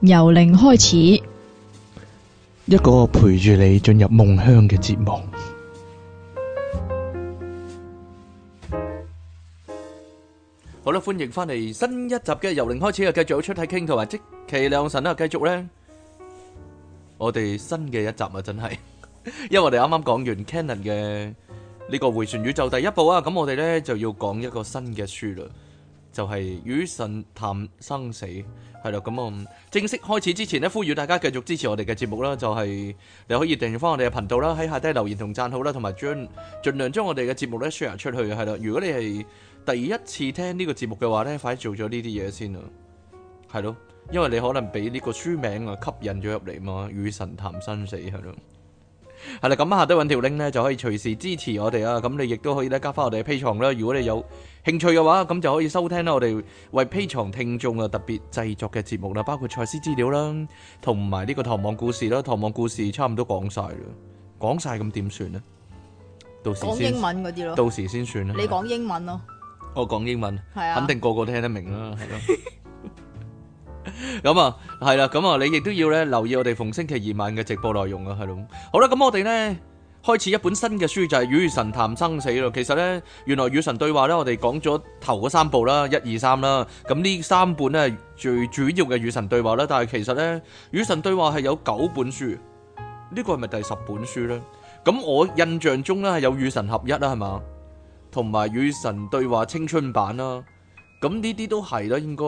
由零開始，一個陪住你進入夢鄉嘅節目。好啦，歡迎翻嚟新一集嘅由零開始啊，繼續出體傾同埋即其兩神啦，繼續咧，我哋新嘅一集啊，真係， 因為我哋啱啱講完 Cannon 嘅呢、這個回旋宇宙第一部啊，咁我哋咧就要講一個新嘅書啦。就係與神談生死，係咯咁啊！正式開始之前咧，呼籲大家繼續支持我哋嘅節目啦，就係、是、你可以訂翻我哋嘅頻道啦，喺下低留言同贊好啦，同埋將盡量將我哋嘅節目咧 share 出去，係咯。如果你係第一次聽呢個節目嘅話咧，快啲做咗呢啲嘢先啦。係咯，因為你可能俾呢個書名啊吸引咗入嚟嘛，《與神談生死》，係咯，係、嗯、啦。咁下低揾條 link 咧，就可以隨時支持我哋啊。咁你亦都可以咧加翻我哋嘅 P 藏啦。如果你有。興趣嘅話，咁就可以收聽咧。我哋為 Patreon 聽眾啊，特別製作嘅節目啦，包括賽事資料啦，同埋呢個唐王故事啦。唐王故事差唔多講晒啦，講晒咁點算咧？到時講英文嗰啲咯。到時先算啦，你講英文咯。我講英文，係啊，肯定個個都聽得明啦，係咯。咁啊，係啦，咁啊，你亦都要咧留意我哋逢星期二晚嘅直播內容啊，係咯。好啦，咁我哋咧。開始一本新嘅書就係、是、與神談生死咯，其實呢，原來與神對話呢，我哋講咗頭嗰三部啦，一二三啦，咁呢三本呢，最主要嘅與神對話啦，但係其實呢，《與神對話》係有九本書，呢、這個係咪第十本書呢？咁我印象中呢，係有與神合一啦，係嘛，同埋與神對話青春版啦。咁呢啲都係啦，應該。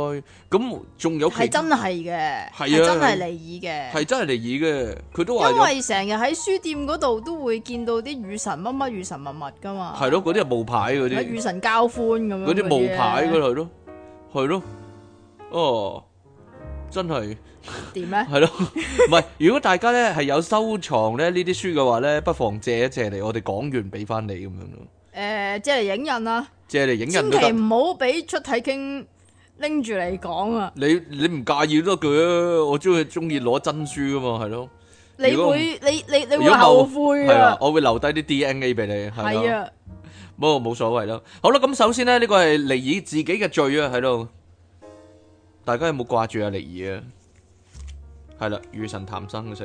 咁仲有係真係嘅，係、啊、真係利益嘅，係真係利益嘅。佢都話，因為成日喺書店嗰度都會見到啲與神乜乜與神乜乜㗎嘛。係咯，嗰啲係冒牌嗰啲。的些與神交歡咁樣嗰啲冒牌嘅係咯，係咯呢。哦，真係點咧？係咯，唔係。如果大家咧係有收藏咧呢啲書嘅話咧，不妨借一借嚟。我哋講完俾翻你咁樣咯。誒、呃，借嚟影印啊！千祈唔好俾出體經拎住嚟講啊！你你唔介意多句，我中意中意攞真書噶嘛，係咯。你會你你你會後悔噶嘛？我會留低啲 DNA 俾你，係咯。冇冇所謂咯。好啦，咁首先呢，呢個係尼爾自己嘅罪啊，喺度。大家有冇掛住阿尼爾啊？係啦，與神談生死。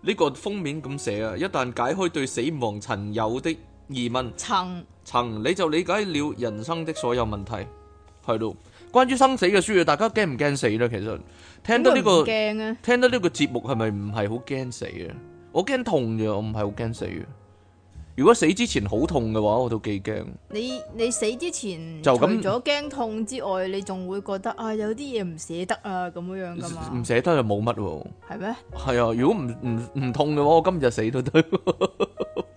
呢個封面咁寫啊，一旦解開對死亡曾有的疑問層層程，你就理解了人生的所有問題，係咯。關於生死嘅書，大家驚唔驚死咧？其實聽到呢、這個，驚啊！聽到呢個節目係咪唔係好驚死嘅？我驚痛嘅，我唔係好驚死嘅。如果死之前好痛嘅話，我都幾驚。你你死之前就除咗驚痛之外，你仲會覺得啊，有啲嘢唔捨得啊，咁樣樣噶嘛？唔捨得就冇乜喎。係咩嗎？係啊，如果唔唔唔痛嘅話，我今日死都得。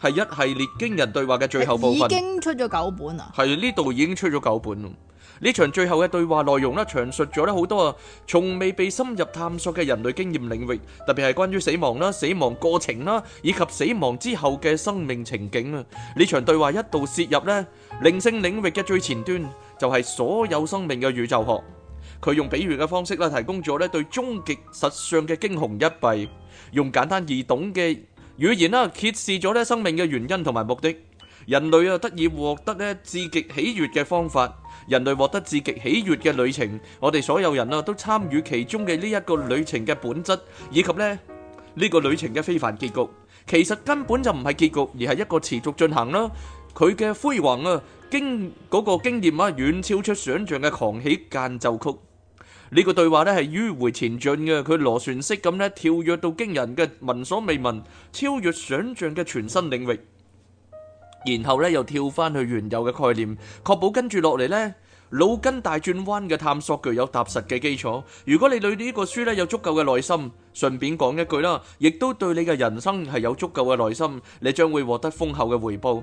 係一系列驚人對話嘅最後部分，已經出咗九本啊！係，呢度已經出咗九本。呢場最後嘅對話內容咧，詳述咗咧好多啊，從未被深入探索嘅人類經驗領域，特別係關於死亡啦、死亡過程啦，以及死亡之後嘅生命情景啊！呢場對話一度涉入咧靈性領域嘅最前端，就係所有生命嘅宇宙學。佢用比喻嘅方式啦，提供咗咧對終極實相嘅驚鴻一瞥，用簡單易懂嘅。語言啦，揭示咗咧生命嘅原因同埋目的。人類啊，得以獲得咧至極喜悅嘅方法。人類獲得至極喜悅嘅旅程，我哋所有人啊，都參與其中嘅呢一個旅程嘅本質，以及咧呢個旅程嘅非凡結局。其實根本就唔係結局，而係一個持續進行啦。佢嘅輝煌啊，經嗰個經驗啊，遠超出想像嘅狂喜間奏曲。呢個對話咧係迂回前進嘅，佢螺旋式咁咧跳躍到驚人嘅聞所未聞、超越想象嘅全新領域，然後咧又跳翻去原有嘅概念，確保跟住落嚟咧腦筋大轉彎嘅探索具有踏實嘅基礎。如果你對呢個書咧有足夠嘅耐心，順便講一句啦，亦都對你嘅人生係有足夠嘅耐心，你將會獲得豐厚嘅回報。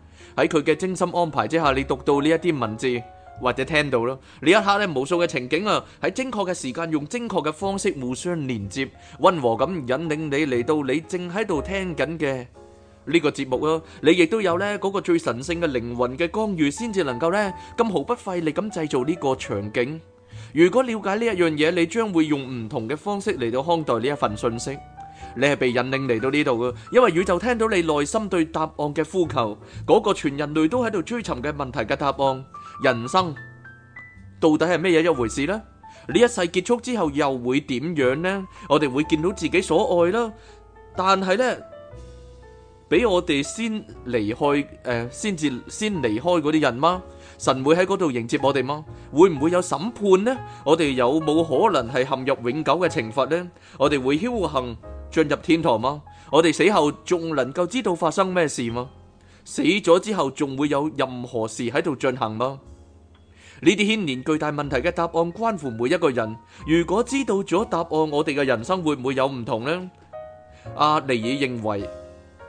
喺佢嘅精心安排之下，你讀到呢一啲文字或者聽到咯，呢一刻咧，無數嘅情景啊，喺精確嘅時間用精確嘅方式互相連接，溫和咁引領你嚟到你正喺度聽緊嘅呢個節目咯。你亦都有呢嗰個最神聖嘅靈魂嘅光遇，先至能夠呢咁毫不費力咁製造呢個場景。如果了解呢一樣嘢，你將會用唔同嘅方式嚟到看待呢一份信息。你係被引領嚟到呢度嘅，因為宇宙聽到你內心對答案嘅呼求，嗰個全人類都喺度追尋嘅問題嘅答案，人生到底係咩嘢一回事呢？呢一世結束之後又會點樣呢？我哋會見到自己所愛啦，但係呢，俾我哋先離開誒，先至先離開嗰啲人嗎？神會喺嗰度迎接我哋嗎？會唔會有審判呢？我哋有冇可能係陷入永久嘅懲罰呢？我哋會僥幸？進入天堂嗎？我哋死後仲能夠知道發生咩事嗎？死咗之後仲會有任何事喺度進行嗎？呢啲牽連巨大問題嘅答案關乎每一個人。如果知道咗答案，我哋嘅人生會唔會有唔同呢？阿尼爾認為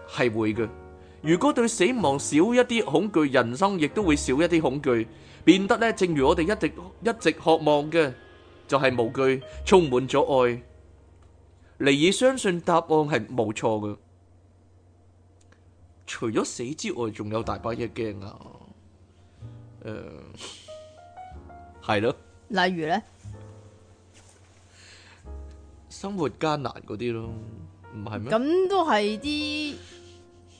係會嘅。如果對死亡少一啲恐懼，人生亦都會少一啲恐懼，變得咧，正如我哋一直一直渴望嘅，就係無懼，充滿咗愛。尼爾相信答案係冇錯嘅，除咗死之外，仲有大把嘢驚啊！誒、呃，係咯，例如咧，生活艱難嗰啲咯，唔係咩？咁都係啲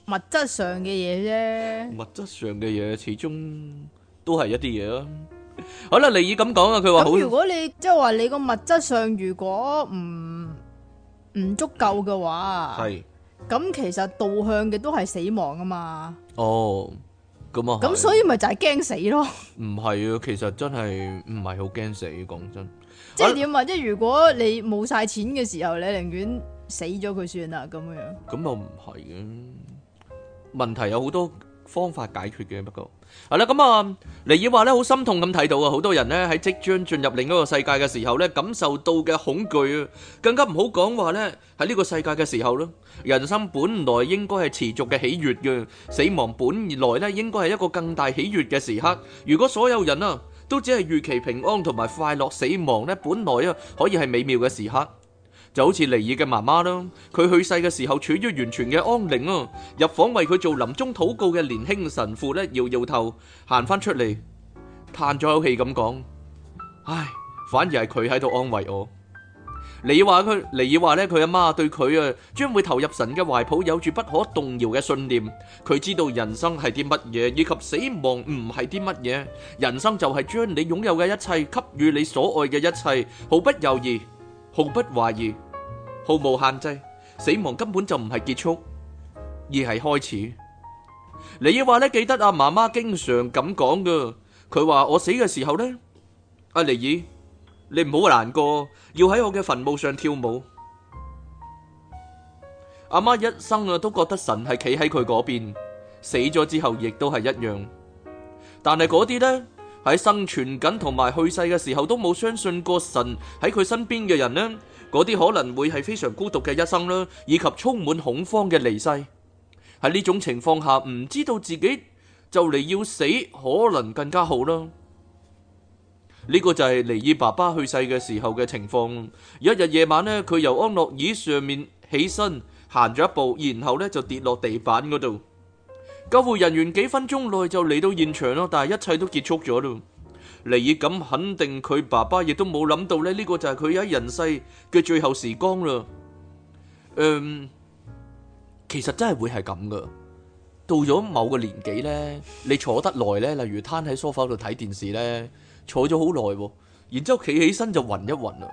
物質上嘅嘢啫，物質上嘅嘢始終都係一啲嘢啦。好啦，尼爾咁講啊，佢話好，如果你即係話你個物質上如果唔唔足夠嘅話，係咁是，其實導向嘅都係死亡啊嘛。哦，咁啊，咁所以咪就係驚死咯。唔係啊，其實真係唔係好驚死，講真。即係點啊？即係、啊、如果你冇晒錢嘅時候，你寧願死咗佢算啦，咁樣。咁又唔係嘅，問題有好多。方法解決嘅，不過好啦咁啊，尼爾話咧，好心痛咁睇到啊，好多人咧喺即將進入另一個世界嘅時候咧，感受到嘅恐懼啊，更加唔好講話咧喺呢個世界嘅時候咯。人生本來應該係持續嘅喜悅嘅，死亡本來咧應該係一個更大喜悅嘅時刻。如果所有人啊都只係預期平安同埋快樂，死亡咧本來啊可以係美妙嘅時刻。就好似尼爾嘅媽媽咯，佢去世嘅時候處於完全嘅安寧啊。入房為佢做臨終禱告嘅年輕神父咧，搖搖頭，行翻出嚟，嘆咗口氣咁講：唉，反而係佢喺度安慰我。尼爾話佢，尼爾話咧佢阿媽對佢啊，將會投入神嘅懷抱，有住不可動搖嘅信念。佢知道人生係啲乜嘢，以及死亡唔係啲乜嘢。人生就係將你擁有嘅一切給予你所愛嘅一切，毫不猶豫。毫不懷疑，毫無限制，死亡根本就唔係結束，而係開始。尼爾話咧，記得阿媽媽經常咁講噶，佢話我死嘅時候咧，阿、啊、尼爾，你唔好難過，要喺我嘅墳墓上跳舞。阿媽，媽一生啊都覺得神係企喺佢嗰邊，死咗之後亦都係一樣。但係嗰啲咧。喺生存緊同埋去世嘅時候都冇相信過神喺佢身邊嘅人呢？嗰啲，可能會係非常孤獨嘅一生啦，以及充滿恐慌嘅離世。喺呢種情況下，唔知道自己就嚟要死，可能更加好啦。呢個就係尼爾爸爸去世嘅時候嘅情況。一日夜晚呢，佢由安樂椅上面起身行咗一步，然後呢就跌落地板嗰度。救護人員幾分鐘內就嚟到現場咯，但係一切都結束咗咯。黎以錦肯定佢爸爸亦都冇諗到咧，呢個就係佢喺人世嘅最後時光啦。嗯，其實真係會係咁噶。到咗某個年紀咧，你坐得耐咧，例如攤喺梳化度睇電視咧，坐咗好耐，然之後企起身就暈一暈啦。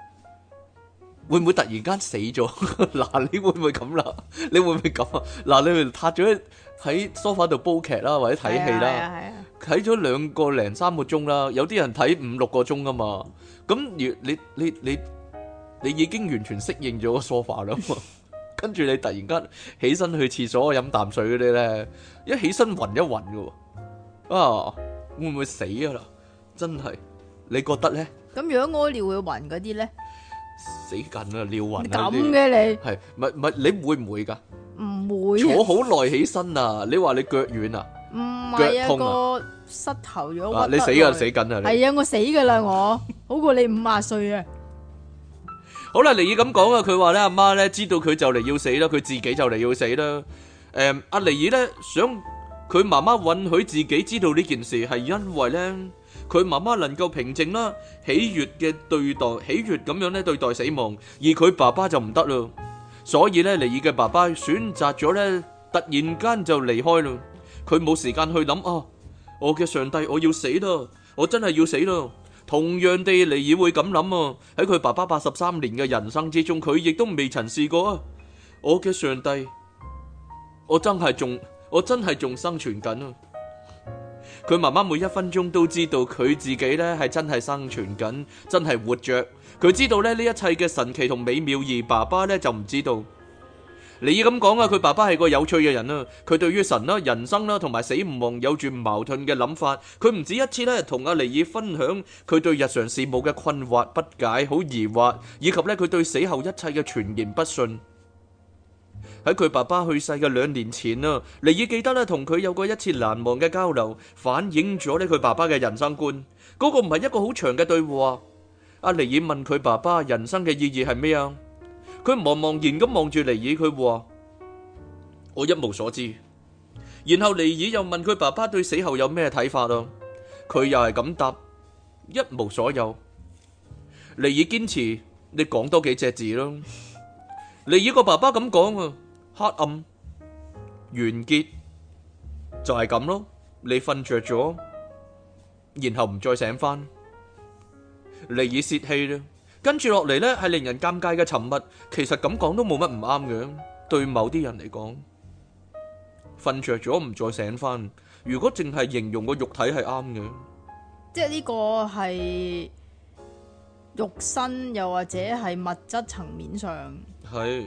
會唔會突然間死咗？嗱，你會唔會咁啦？你會唔會咁啊？嗱，你會塌咗？喺 sofa 度煲劇啦，或者睇戲啦，睇咗兩個零三個鐘啦，有啲人睇五六個鐘㗎嘛，咁如你你你你已經完全適應咗個 sofa 啦 跟住你突然間起身去廁所飲啖水嗰啲咧，一起身暈一暈噶啊會唔會死噶啦真係，你覺得咧？咁如果屙尿會暈嗰啲咧？死緊啦，尿暈。咁嘅、啊、你係，唔係唔係你會唔會噶？唔會、啊、坐好耐起身啊！你話你腳軟啊？唔係啊個膝頭咗、啊啊啊。你死啊死緊啊！係啊我死噶啦 我，好過你五啊歲啊！好啦，尼爾咁講啊，佢話咧阿媽咧知道佢就嚟要死啦，佢自己就嚟要死啦。誒、嗯，阿尼爾咧想佢媽媽允許自己知道呢件事，係因為咧佢媽媽能夠平靜啦，喜悅嘅對待喜悅咁樣咧對待死亡，而佢爸爸就唔得啦。所以呢，尼爾嘅爸爸選擇咗呢，突然間就離開咯。佢冇時間去諗啊，我嘅上帝，我要死咯，我真係要死咯。同樣地，尼爾會咁諗啊。喺佢爸爸八十三年嘅人生之中，佢亦都未曾試過啊。我嘅上帝，我真係仲，我真係仲生存緊啊。佢媽媽每一分鐘都知道佢自己呢係真係生存緊，真係活着。佢知道呢一切嘅神奇同美妙，而爸爸呢就唔知道。尼爾咁講啊，佢爸爸係個有趣嘅人啦。佢對於神啦、人生啦同埋死亡有住矛盾嘅諗法。佢唔止一次呢同阿尼爾分享佢對日常事務嘅困惑不解、好疑惑，以及呢佢對死後一切嘅全然不信。喺佢爸爸去世嘅兩年前啦，尼爾記得呢同佢有過一次難忘嘅交流，反映咗呢佢爸爸嘅人生觀。嗰、那個唔係一個好長嘅對話。阿尼爾問佢爸爸人生嘅意義係咩啊？佢茫茫然咁望住尼爾，佢話我一無所知。然後尼爾又問佢爸爸對死後有咩睇法啊？佢又係咁答一無所有。尼爾堅持你講多幾隻字咯。尼爾個爸爸咁講啊，黑暗完結就係咁咯。你瞓著咗，然後唔再醒翻。尼爾洩氣啦，跟住落嚟咧，係令人尷尬嘅沉默。其實咁講都冇乜唔啱嘅，對某啲人嚟講，瞓著咗唔再醒翻。如果淨係形容個肉體係啱嘅，即係呢個係肉身，又或者係物質層面上係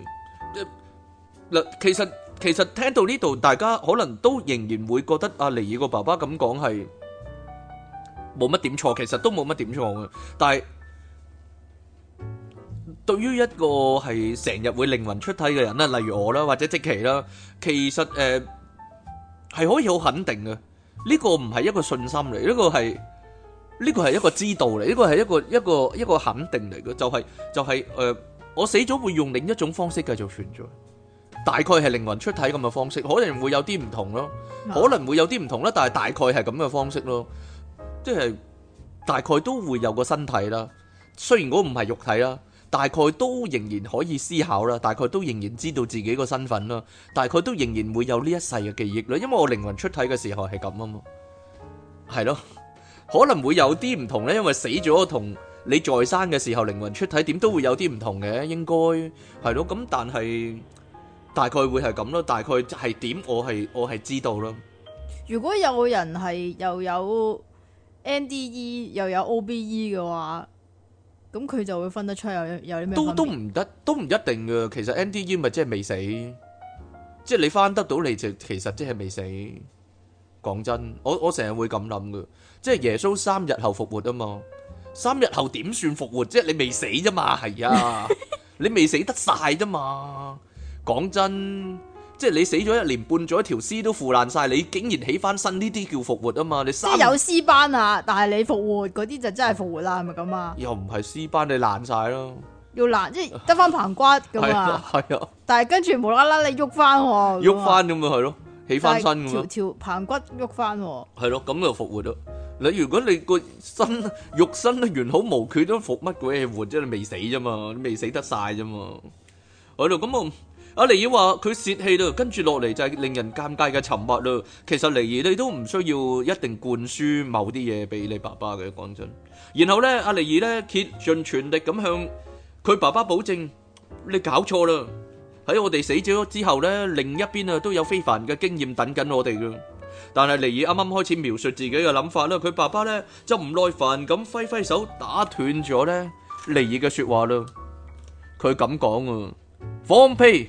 嗱。其實其實聽到呢度，大家可能都仍然會覺得阿尼爾個爸爸咁講係冇乜點錯，其實都冇乜點錯嘅。但係對於一個係成日會靈魂出體嘅人咧，例如我啦，或者積奇啦，其實誒係可以好肯定嘅。呢個唔係一個信心嚟，呢個係呢個係一個知道嚟，呢個係一個一個一個肯定嚟嘅。就係就係誒，我死咗會用另一種方式繼續存在，大概係靈魂出體咁嘅方式，可能會有啲唔同咯，可能會有啲唔同啦，但係大概係咁嘅方式咯。即係大概都會有個身體啦，雖然我唔係肉體啦，大概都仍然可以思考啦，大概都仍然知道自己個身份啦，大概都仍然會有呢一世嘅記憶啦，因為我靈魂出體嘅時候係咁啊嘛，係咯，可能會有啲唔同咧，因為死咗同你在生嘅時候靈魂出體點都會有啲唔同嘅，應該係咯，咁但係大概會係咁咯，大概係點我係我係知道咯。如果有人係又有 N.D.E 又有 O.B.E 嘅話，咁佢就會分得出有有啲咩？都都唔得，都唔一定㗎。其實 N.D.E 咪即係未死，即係你翻得到嚟就其實即係未死。講真，我我成日會咁諗㗎，即係耶穌三日後復活啊嘛，三日後點算復活？即係你未死咋嘛？係啊， 你未死得晒咋嘛？講真。即係你死咗一年半，咗一條屍都腐爛晒，你竟然起翻身，呢啲叫復活啊嘛！你即係有屍斑啊，但係你復活嗰啲就真係復活啦，係咪咁啊？又唔係屍斑，你爛晒咯，要爛即係得翻棚骨咁啊？係啊，但係跟住無啦啦你喐翻喎，喐翻咁咪係咯，起翻身咁啊條條棚骨喐翻喎，係咯，咁就復活咗。你如果你個身肉身完好無缺都復乜鬼嘢活，即係未死啫嘛，未死得晒啫嘛。喺度咁啊！阿尼爾話佢泄氣啦，跟住落嚟就係令人尷尬嘅沉默啦。其實尼爾你都唔需要一定灌輸某啲嘢俾你爸爸嘅，講真。然後咧，阿尼爾咧竭盡全力咁向佢爸爸保證：你搞錯啦，喺我哋死咗之後咧，另一邊啊都有非凡嘅經驗等緊我哋噶。但係尼爾啱啱開始描述自己嘅諗法啦，佢爸爸咧就唔耐煩咁揮揮手打斷咗咧尼爾嘅說話啦。佢咁講啊，放屁！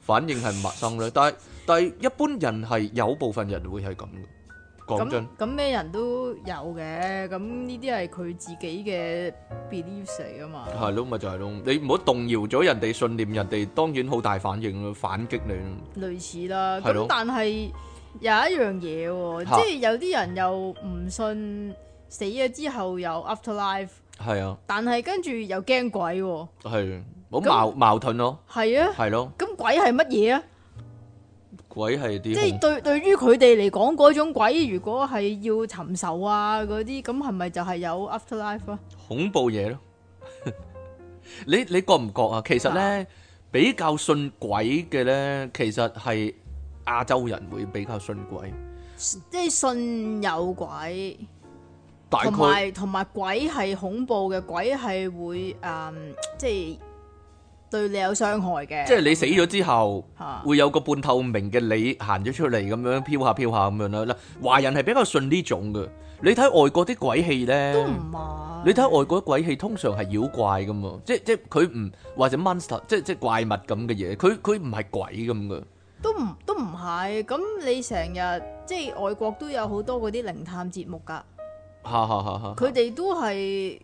反應係陌生咧，但係但係一般人係有部分人會係咁嘅，講真。咁咁咩人都有嘅，咁呢啲係佢自己嘅 belief 嚟㗎嘛。係咯，咪就係咯，你唔好動搖咗人哋信念，人哋當然好大反應咯，反擊你咯。類似啦，咁但係有一樣嘢喎，即係有啲人又唔信死咗之後又 afterlife。係啊。但係跟住又驚鬼喎。係。冇矛矛盾咯，係啊，係咯。咁鬼係乜嘢啊？鬼係啲即係對對於佢哋嚟講嗰種鬼，如果係要尋仇啊嗰啲，咁係咪就係有 afterlife 啊？恐怖嘢咯。你你覺唔覺啊？其實咧，比較信鬼嘅咧，其實係亞洲人會比較信鬼，即係信有鬼。大概同埋同埋鬼係恐怖嘅，鬼係會誒，即係。對你有傷害嘅，即係你死咗之後，嗯、會有個半透明嘅你行咗出嚟咁樣飄下飄下咁樣啦。嗱，華人係比較信呢種嘅。你睇外國啲鬼戲咧，都唔係。你睇外國鬼戲通常係妖怪咁啊，即即佢唔或者 monster，即即怪物咁嘅嘢。佢佢唔係鬼咁嘅。都唔都唔係。咁你成日即係外國都有好多嗰啲靈探節目噶。佢哋、嗯嗯嗯嗯嗯、都係。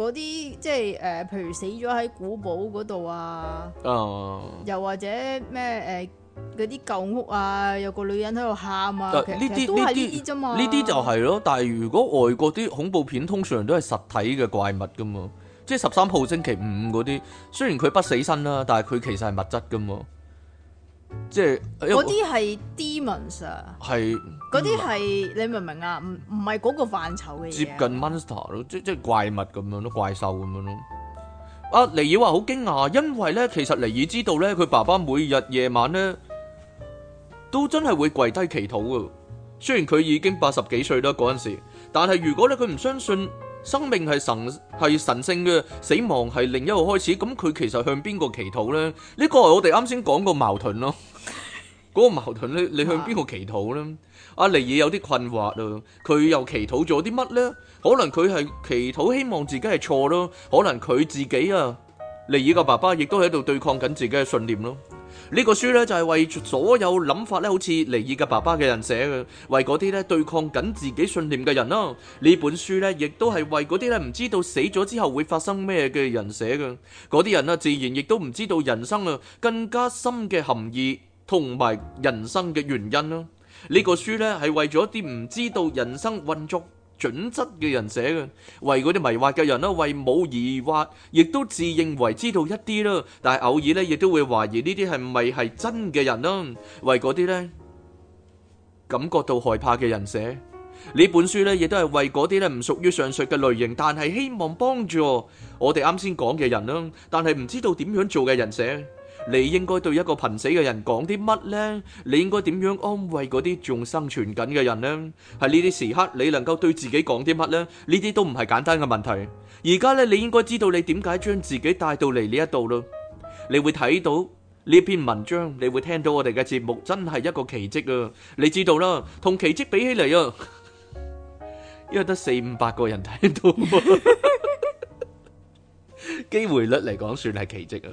嗰啲即係誒、呃，譬如死咗喺古堡嗰度啊，uh, 又或者咩誒嗰啲舊屋啊，有個女人喺度喊啊，呢啲其實都係呢啲啫嘛。呢啲就係咯，但係如果外國啲恐怖片通常都係實體嘅怪物㗎嘛，即係十三號星期五嗰啲，雖然佢不死身啦，但係佢其實係物質㗎嘛。即係嗰啲係 demons，係嗰啲係你明唔明啊？唔唔係嗰個範疇嘅嘢，接近 monster 咯，即即怪物咁樣咯，怪獸咁樣咯。阿尼爾話好驚訝，因為咧，其實尼爾知道咧，佢爸爸每日夜晚咧，都真係會跪低祈禱嘅。雖然佢已經八十幾歲啦嗰陣時，但係如果咧佢唔相信。生命係神係神聖嘅，死亡係另一個開始。咁佢其實向邊個祈禱呢？呢、呢個係我哋啱先講矛 個矛盾咯。嗰個矛盾咧，你向邊個祈禱呢？阿、啊、尼爾有啲困惑啊，佢又祈禱咗啲乜呢？可能佢係祈禱希望自己係錯咯，可能佢自己啊，尼爾嘅爸爸亦都喺度對抗緊自己嘅信念咯。呢個書咧就係為所有諗法咧，好似尼爾嘅爸爸嘅人寫嘅，為嗰啲咧對抗緊自己信念嘅人咯。呢本書咧亦都係為嗰啲唔知道死咗之後會發生咩嘅人寫嘅。嗰啲人自然亦都唔知道人生更加深嘅含義同埋人生嘅原因啦。呢、這個書咧係為咗啲唔知道人生運作準則嘅人寫嘅，為嗰啲迷惑嘅人啦，為冇疑惑，亦都自認為知道一啲啦，但係偶爾咧，亦都會懷疑呢啲係唔係係真嘅人啦，為嗰啲咧感覺到害怕嘅人寫呢本書咧，亦都係為嗰啲咧唔屬於上述嘅類型，但係希望幫助我哋啱先講嘅人啦，但係唔知道點樣做嘅人寫。你應該對一個瀕死嘅人講啲乜呢？你應該點樣安慰嗰啲仲生存緊嘅人呢？喺呢啲時刻，你能夠對自己講啲乜呢？呢啲都唔係簡單嘅問題。而家咧，你應該知道你點解將自己帶到嚟，呢一度咯。你會睇到呢篇文章，你會聽到我哋嘅節目，真係一個奇蹟啊！你知道啦，同奇蹟比起嚟啊，因為得四五百個人睇到，機會率嚟講，算係奇蹟啊！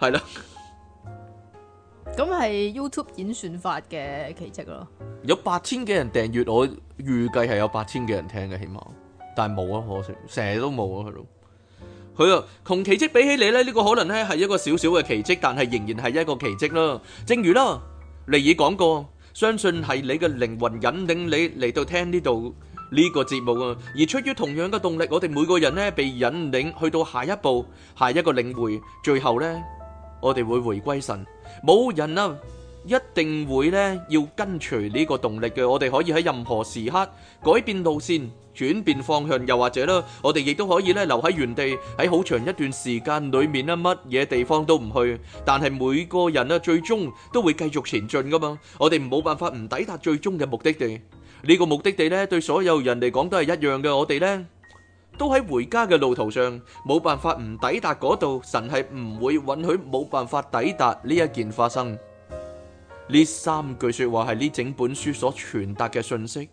係啦，咁係 YouTube 演算法嘅奇蹟咯。有八千幾人訂閱，我預計係有八千幾人聽嘅，起碼，但係冇啊，可惜，成日都冇啊，佢都，佢啊，同奇蹟比起你咧，呢個可能咧係一個少少嘅奇蹟，但係仍然係一個奇蹟啦。正如啦，尼爾講過，相信係你嘅靈魂引領你嚟到聽呢度呢個節目啊。而出於同樣嘅動力，我哋每個人咧被引領去到下一步，下一個領會，最後咧。我哋會回歸神，冇人啊，一定會咧要跟隨呢個動力嘅。我哋可以喺任何時刻改變路線、轉變方向，又或者咧，我哋亦都可以咧留喺原地，喺好長一段時間裏面咧，乜嘢地方都唔去。但係每個人啊，最終都會繼續前進噶嘛。我哋冇辦法唔抵達最終嘅目的地。呢個目的地咧，對所有人嚟講都係一樣嘅。我哋咧。都喺回家嘅路途上，冇辦法唔抵達嗰度，神係唔會允許冇辦法抵達呢一件發生。呢三句說話係呢整本書所傳達嘅信息。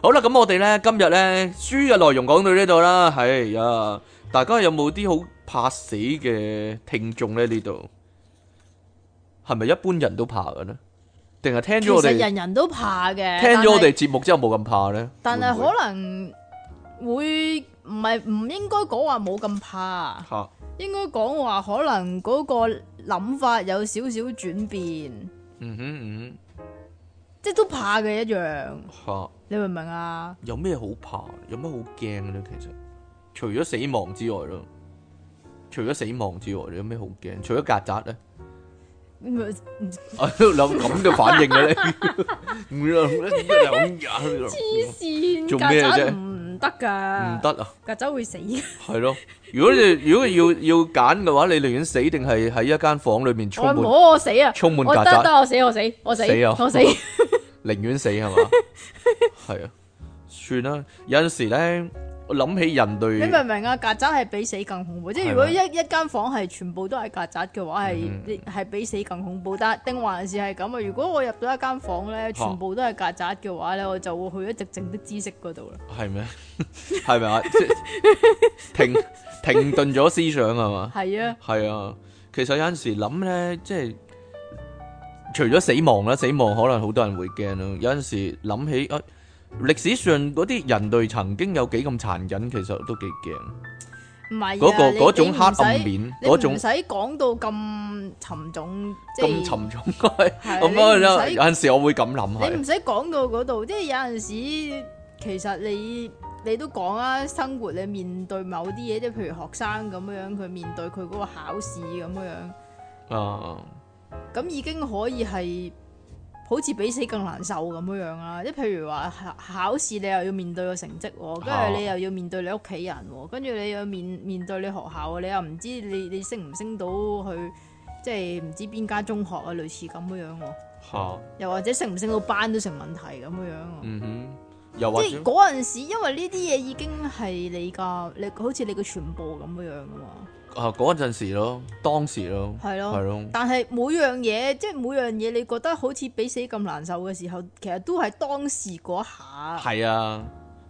好啦，咁我哋呢今日呢書嘅內容講到呢度啦。係呀，大家有冇啲好怕死嘅聽眾呢？呢度係咪一般人都怕嘅呢？定係聽咗我哋？其實人人都怕嘅。聽咗我哋節目之後冇咁怕呢？但係可能。會唔係唔應該講話冇咁怕，哈應該講話可能嗰個諗法有少少轉變嗯。嗯哼嗯，即係都怕嘅一樣。吓哈，你明唔明啊？有咩好怕？有咩好驚咧？其實除咗死亡之外咯，除咗死亡之外，你有咩好驚？除咗曱甴咧？唔係、嗯，諗咁嘅反應嘅咧，黐 線，做咩啫？得噶，唔得啊！曱甴會死，係咯。如果你如果要要揀嘅話，你寧願死定係喺一間房裏面充滿，我死啊！充滿曱甴，得我死，我死，我死，我死，寧願死係嘛？係啊，算啦。有陣時咧。我諗起人對你明唔明啊？曱甴係比死更恐怖，即係如果一一間房係全部都係曱甴嘅話，係係比死更恐怖。但丁還是係咁啊！如果我入咗一間房咧，全部都係曱甴嘅話咧，我就會去一直靜的知識嗰度啦。係咩？係咪啊？停停頓咗思想係嘛？係啊，係啊。其實有陣時諗咧，即係除咗死亡啦，死亡可能好多人會驚咯。有陣時諗起啊。歷史上嗰啲人類曾經有幾咁殘忍，其實都幾驚。唔係啊，嗰個嗰種黑暗面，嗰種唔使講到咁沉重，咁沉重係。咁啊，有有陣時我會咁諗。你唔使講到嗰度，即係有陣時，其實你你都講啊，生活你面對某啲嘢，即係譬如學生咁樣樣，佢面對佢嗰個考試咁樣樣。啊。咁已經可以係。好似比死更難受咁樣樣啦，即譬如話考考試，你又要面對個成績，跟住你又要面對你屋企人，跟住你要面面對你學校，你又唔知你你升唔升到去，即係唔知邊間中學啊，類似咁樣樣，又或者升唔升到班都成問題咁樣樣。嗯哼，又或即係嗰陣時，因為呢啲嘢已經係你噶，好你好似你嘅全部咁樣樣噶嘛。啊！嗰陣時咯，當時咯，係咯，係咯。但係每樣嘢，即係每樣嘢，你覺得好似俾死咁難受嘅時候，其實都係當時嗰下。係啊，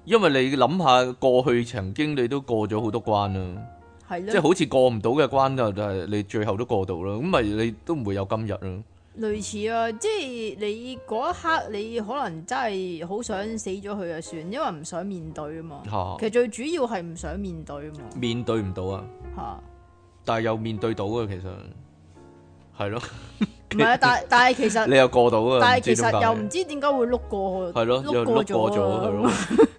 因為你諗下過去曾經你都過咗好多關啊，係咯，即係好似過唔到嘅關就係你最後都過到啦，咁咪你都唔會有今日咯。類似啊，即係你嗰一刻，你可能真係好想死咗佢就算，因為唔想面對啊嘛。啊，其實最主要係唔想面對啊嘛。面對唔到啊。嚇、啊！但係又面對到啊，其實係咯。 唔係啊，但但係其實你又過到啊，但係其實又唔知點解會碌過去。係咯了，碌過咗佢咯，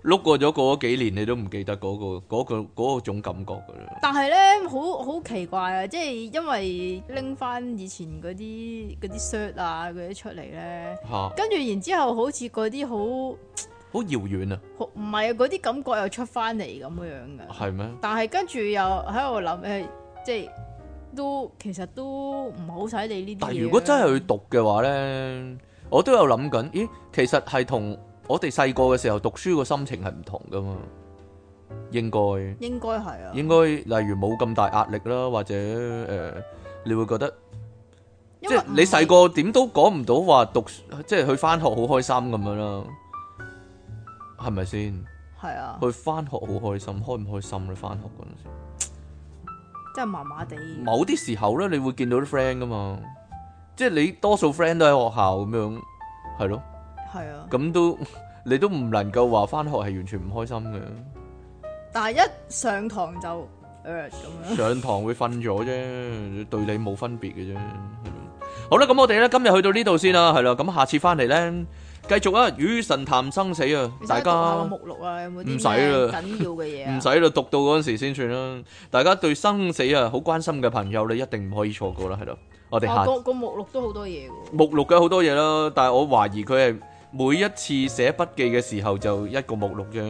碌了過咗 過咗幾年，你都唔記得嗰個嗰個嗰種感覺㗎啦。但係咧，好好奇怪啊，即係因為拎翻以前嗰啲嗰啲 shirt 啊嗰啲出嚟咧，哈跟住然之後好似嗰啲好好遙遠啊，唔係啊，嗰啲感覺又出翻嚟咁樣嘅。係咩嗎？但係跟住又喺度諗誒，即係。都其實都唔好使你呢啲。但如果真係去讀嘅話咧，我都有諗緊。咦，其實係同我哋細個嘅時候讀書個心情係唔同噶嘛？應該應該係啊。應該例如冇咁大壓力啦，或者誒、呃，你會覺得因為，即係，唔係，你細個點都講唔到話讀，即係去翻學好開心咁樣啦。係咪先？係啊。去翻學好開心，開唔開心？你翻學嗰陣時。即係麻麻地，某啲時候咧，你會見到啲 friend 噶嘛，即係你多數 friend 都喺學校咁樣，係咯，係啊，咁都你都唔能夠話翻學係完全唔開心嘅，但係一上堂就呃、咁樣，上堂會瞓咗啫， 對你冇分別嘅啫。好啦，咁我哋咧今日去到呢度先啦，係啦，咁下次翻嚟咧。繼續啊！與神談生死啊！你們 大家目錄啊唔使啦，緊要嘅嘢唔使啦，讀到嗰陣時先算啦、啊。大家對生死啊好關心嘅朋友，你一定唔可以錯過啦，係咯。我哋下個個、哦、目錄都好多嘢嘅、啊。目錄嘅好多嘢啦、啊，但係我懷疑佢係每一次寫筆記嘅時候就一個目錄啫。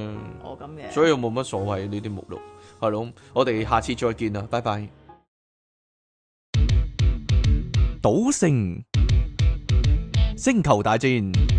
哦，咁樣。所以我冇乜所謂呢啲目錄，係咯。我哋下次再見啦，拜拜。賭聖， 星球大戰。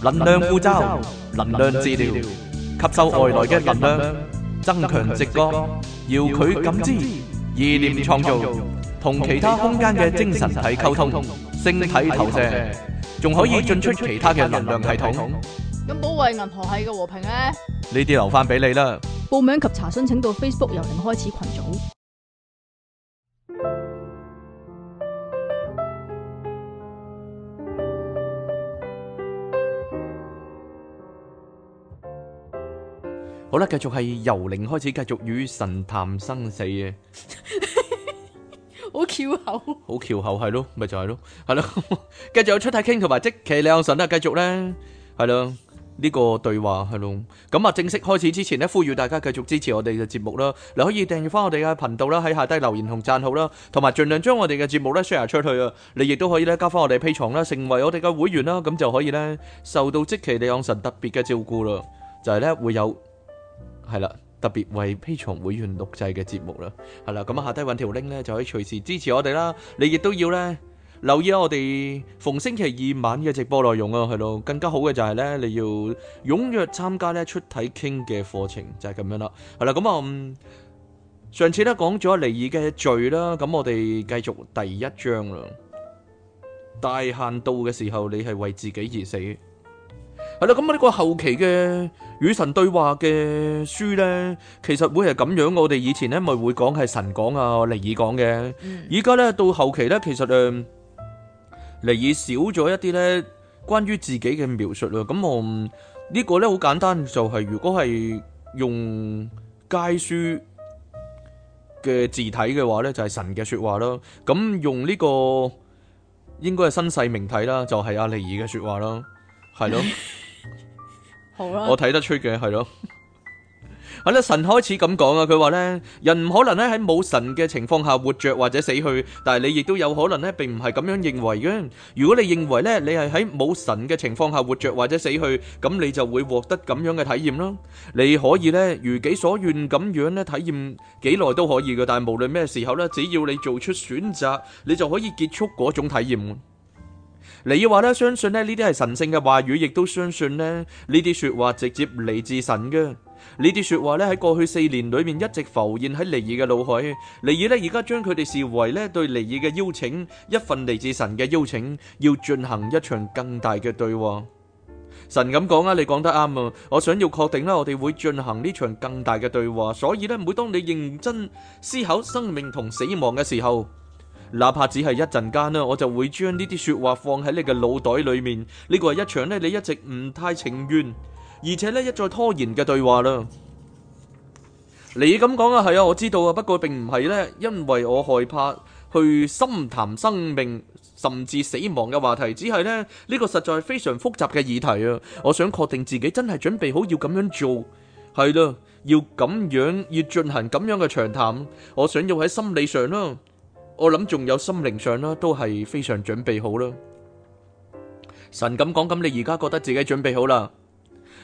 能量符咒、能量治療、吸收外來嘅能量、增強直覺、遙距感知、意念創造、同其他空間嘅精神體溝通、星體投射，仲可以進出其他嘅能量系統。咁保衛銀河系嘅和平咧，呢啲留翻俾你啦。報名及查詢請到 Facebook 由零開始群組。好啦，繼續係由零開始，繼續與神談生死嘅，好拗口，好拗口係咯，咪就係咯，係咯，繼續有出體傾同埋即其李昂神啊，繼續咧係咯呢個對話係咯。咁啊，正式開始之前咧，呼籲大家繼續支持我哋嘅節目啦。你可以訂閱翻我哋嘅頻道啦，喺下低留言同讚好啦，同埋盡量將我哋嘅節目咧 share 出去啊。你亦都可以咧加翻我哋 Patreon 啦，成為我哋嘅會員啦，咁就可以咧受到即其李昂神特別嘅照顧啦。就係咧會有。係啦，特別為 Patreon 會員錄製嘅節目啦，係啦，咁啊下低搵條 link 咧就可以隨時支持我哋啦。你亦都要咧留意下我哋逢星期二晚嘅直播內容啊，係咯，更加好嘅就係咧你要踴躍參加咧出體傾嘅課程，就係、是、咁樣啦。係啦，咁、嗯、啊，上次咧講咗尼爾嘅罪啦，咁我哋繼續第一章啦。大限到嘅時候，你係為自己而死。係啦，咁啊呢個後期嘅與神對話嘅書咧，其實會係咁樣。我哋以前咧咪會講係神講啊，尼爾講嘅。依家咧到後期咧，其實誒，尼爾少咗一啲咧關於自己嘅描述咯。咁、嗯、我、這個、呢個咧好簡單，就係、是、如果係用楷書嘅字體嘅話咧，就係、是、神嘅說話咯。咁、嗯、用呢個應該係新細明體啦，就係、是、阿、啊、尼爾嘅說話咯，係咯。 我睇得出嘅，係咯，係啦，神開始咁講啊，佢話咧，人唔可能咧喺冇神嘅情況下活着或者死去，但係你亦都有可能咧，並唔係咁樣認為嘅。如果你認為咧，你係喺冇神嘅情況下活着或者死去，咁你就會獲得咁樣嘅體驗咯。你可以咧如己所願咁樣咧體驗幾耐都可以噶，但係無論咩時候咧，只要你做出選擇，你就可以結束嗰種體驗。尼爾話咧，相信咧呢啲係神聖嘅話語，亦都相信咧呢啲說話直接嚟自神嘅。呢啲說話咧喺過去四年裏面一直浮現喺尼爾嘅腦海。尼爾咧而家將佢哋視為咧對尼爾嘅邀請，一份嚟自神嘅邀請，要進行一場更大嘅對話。神咁講啊，你講得啱啊！我想要確定啦，我哋會進行呢場更大嘅對話。所以咧，每當你認真思考生命同死亡嘅時候，哪怕只係一陣間啦，我就會將呢啲說話放喺你嘅腦袋裏面。呢個係一場咧，你一直唔太情願，而且咧一再拖延嘅對話啦。你咁講啊，係啊，我知道啊，不過並唔係呢，因為我害怕去深談生命甚至死亡嘅話題，只係呢，呢、呢個實在非常複雜嘅議題啊。我想確定自己真係準備好要咁樣做，係啦，啊，要咁樣要進行咁樣嘅長談，我想要喺心理上啦。我諗仲有心靈上啦，都係非常準備好啦。神咁講咁，你而家覺得自己準備好啦？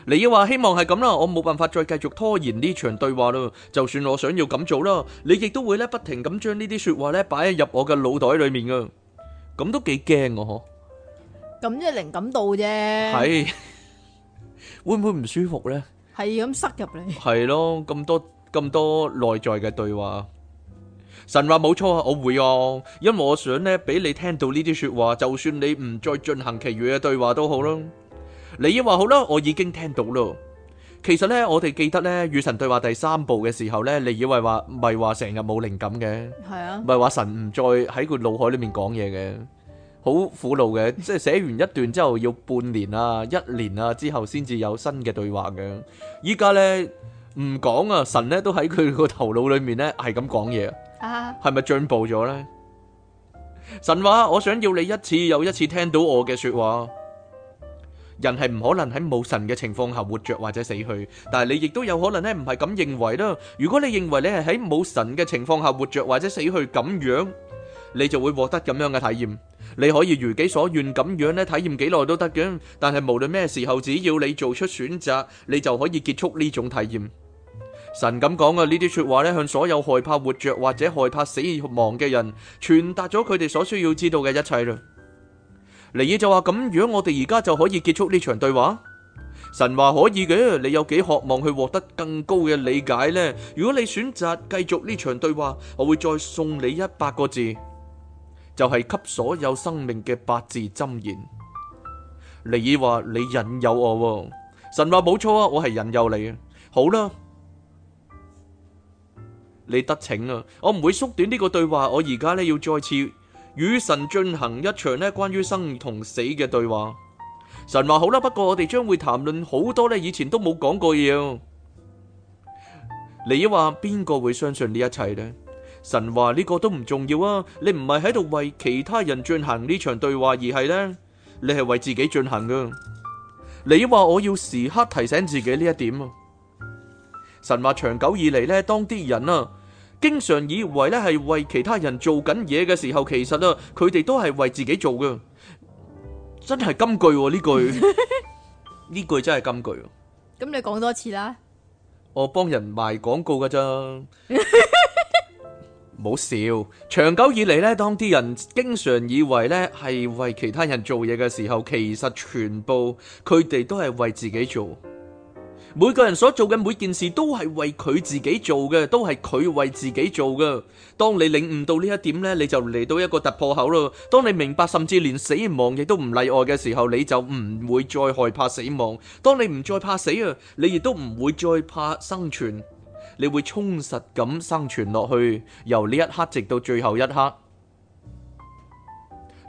你要話希望係咁啦，我冇辦法再繼續拖延呢場對話啦。就算我想要咁做啦，你亦都會咧不停咁將呢啲說話咧擺喺入我嘅腦袋裏面噶。咁都幾驚我嗬？咁即係靈感度啫。係會唔會唔舒服咧？係咁塞入嚟。係咯，咁多咁多內在嘅對話。神話冇錯啊，我會哦、啊，因為我想咧俾你聽到呢啲說話，就算你唔再進行其餘嘅對話都好咯。你以為好啦，我已經聽到啦。其實呢，我哋記得呢，與神對話第三步嘅時候呢，你以為話咪話成日冇靈感嘅係啊，咪話神唔再喺佢腦海裏面講嘢嘅，好苦惱嘅。 即係寫完一段之後要半年啊、一年啊之後先至有新嘅對話嘅。依家呢，唔講啊，神呢都喺佢個頭腦裏面呢，係咁講嘢。係咪進步咗咧？神話，我想要你一次又一次聽到我嘅說話。人係唔可能喺冇神嘅情況下活着或者死去，但係你亦都有可能咧，唔係咁認為咯。如果你認為你係喺冇神嘅情況下活着或者死去咁樣，你就會獲得咁樣嘅體驗。你可以如己所願咁樣咧體驗幾耐都得嘅，但係無論咩時候，只要你做出選擇，你就可以結束呢種體驗。神咁講啊，呢啲說話呢，向所有害怕活着或者害怕死亡嘅人傳達咗佢哋所需要知道嘅一切啦。尼爾就話咁，如果我哋而家就可以結束呢場對話，神話，可以嘅。你有幾渴望去獲得更高嘅理解呢？如果你選擇繼續呢場對話，我會再送你一百個字，就係給所有生命嘅八字箴言。尼爾話，你引誘我。神話，冇錯啊，我係引誘你啊。好啦。你得請啊，我唔會縮短呢個對話。我而家呢，要再次與神進行一場咧關於生同死嘅對話。神話好啦，不過我哋將會談論好多咧以前都冇講過嘢。你話邊個會相信呢一切呢？神話呢個都唔重要啊！你唔係喺度為其他人進行呢場對話，而係呢，你係為自己進行噶。你話我要時刻提醒自己呢一點啊！神話長久以嚟咧，當啲人啊，經常以為咧係為其他人做緊嘢嘅時候，其實啊，佢哋都係為自己做嘅。真係金句呢句，呢句真係金句。咁你講多次啦。我幫人賣廣告噶咋？唔好笑。長久以嚟咧，當啲人經常以為咧係為其他人做嘢嘅時候，其實全部佢哋都係為自己做。每個人所做嘅每件事都係為佢自己做嘅，都係佢為自己做嘅。當你領悟到呢一點呢，你就嚟到一個突破口咯。當你明白，甚至連死亡亦都唔例外嘅時候，你就唔會再害怕死亡。當你唔再怕死啊，你亦都唔會再怕生存。你會充實咁生存落去，由呢一刻直到最後一刻。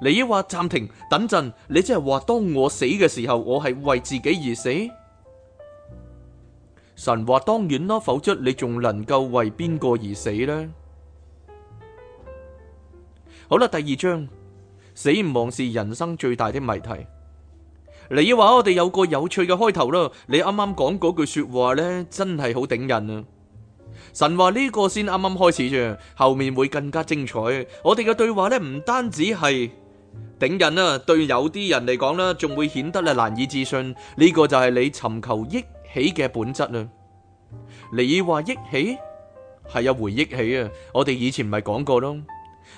你話暫停，等陣，你即係話當我死嘅時候，我係為自己而死？神話，當然咯，否則你仲能夠為邊個而死呢？好啦，第二章，死亡是人生最大的謎題。你話，我哋有個有趣嘅開頭啦。你啱啱講嗰句說話呢，真係好頂人啊！神話，呢個先啱啱開始啫，後面會更加精彩。我哋嘅對話呢，唔單止係頂人啊，對有啲人嚟講啦，仲會顯得咧難以置信。呢、這個就係你尋求益起嘅本質啊！你話，憶起係有回憶起啊！我哋以前唔係講過咯。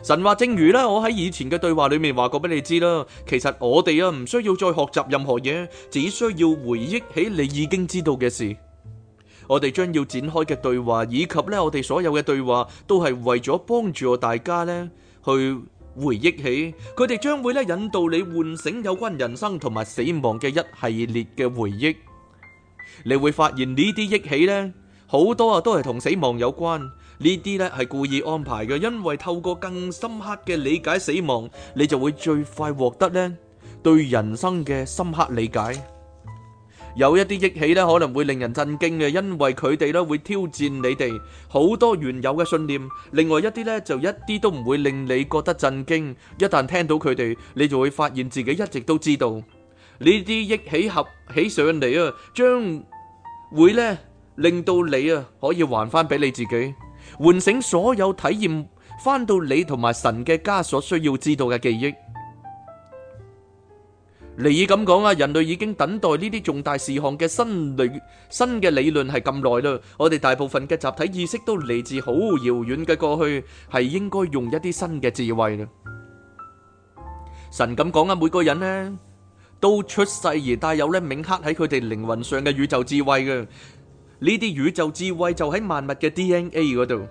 神話，正如咧，我喺以前嘅對話裏面話過俾你知啦。其實我哋啊唔需要再學習任何嘢，只需要回憶起你已經知道嘅事。我哋將要展開嘅對話，以及呢我哋所有嘅對話，都係為咗幫助我大家呢去回憶起。佢哋將會咧引導你喚醒有關人生同埋死亡嘅一系列嘅回憶。你會發現呢啲憶起咧，好多啊都係同死亡有關。呢啲咧係故意安排嘅，因為透過更深刻嘅理解死亡，你就會最快獲得咧對人生嘅深刻理解。有一啲憶起咧可能會令人震驚嘅，因為佢哋咧會挑戰你哋好多原有嘅信念。另外一啲咧就一啲都唔會令你覺得震驚。一旦聽到佢哋，你就會發現自己一直都知道。呢啲憶起合起上嚟啊，將會咧令到你啊可以還翻俾你自己，喚醒所有體驗翻到你同埋神嘅家所需要知道嘅記憶。你咁講啊，人類已經等待呢啲重大事項嘅新理新嘅理論係咁耐啦。我哋大部分嘅集體意識都嚟自好遙遠嘅過去，係應該用一啲新嘅智慧啦。神咁講啊，每個人呢。都出世而帶有咧銘刻喺佢哋靈魂上嘅宇宙智慧嘅，呢啲宇宙智慧就喺萬物嘅 DNA 嗰度。